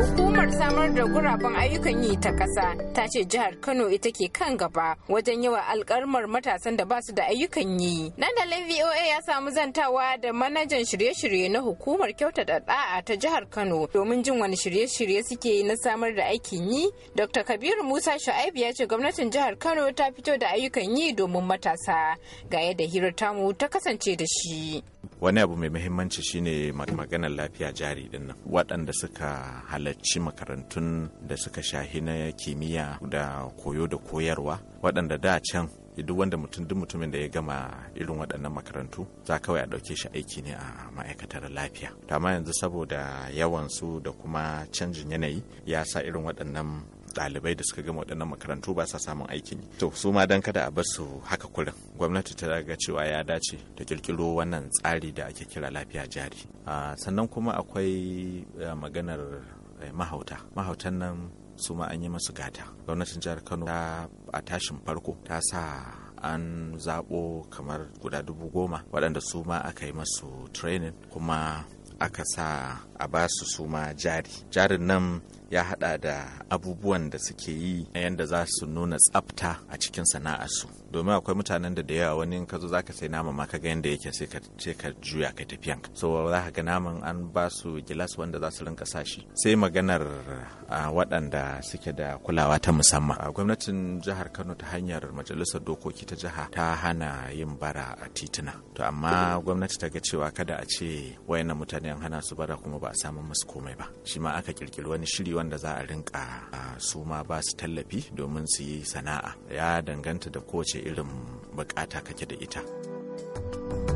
Hukumar samar da guraben ayyukan yi ta ƙasa ta ce jihar Kano ita ke kan gaba wajen yawa alƙarmar matasan da ba su da ayyukan yi. Nan da VOA ya samu zantawa da manajan shirye-shirye na hukumar kyautata ɗa'a ta jihar Kano domin jin wani shirye-shirye suke na samar da aikin yi. Dr. Kabiru Musa Shu'aib ya ce gwamnatin jihar Kano ta fito da ayyukan yi domin matasa ga yadda hirar tamu ta kasance da shi. wani abu mai muhimmanci shine maganar lafiya jari din nan waɗanda suka halarci makarantun da suka shahi na kimiyya da koyo da koyarwa waɗanda da can duk wanda mutum duk mutumin da ya gama irin waɗannan makarantu za kawai a ɗauke shi aiki ne a ma'aikatar lafiya amma yanzu saboda yawan su da kuma canjin yanayi ya sa irin waɗannan Dalibai da suka gama waɗannan makarantu ba sa samun aikin yi to su ma dan kada a bar su haka kullum gwamnati ta ga cewa ya dace ta kirkiro wannan tsari da ake kira lafiya jari sannan kuma akwai eh, maganar eh, mahauta mahautan nan su ma an yi masu gata gwamnatin jihar kano ta a tashin farko ta sa an zaɓo kamar guda dubu goma waɗanda su ma aka yi masu training kuma aka sa a ba su su ma jari jarin nan ya hada da abubuwan da suke yi na yadda za su nuna tsafta a cikin su. domin akwai mutanen da da yawa wani in ka zo zaka sai nama ma kaga yadda yake sai ka ce ka juya ka tafiyan ka so za ka ga naman an ba su gilas wanda za su rinka sa shi sai maganar waɗanda suke da kulawa ta musamman gwamnatin jihar Kano ta hanyar majalisar dokoki ta jiha ta hana yin bara a tituna to amma gwamnati ta ga cewa kada a ce wayannan mutane an hana su bara kuma ba a samu musu komai ba shi ma aka kirkiri wani shiri wanda za a rinka su ma ba su tallafi domin su yi sana'a ya danganta da kowace irin bukata kake da ita.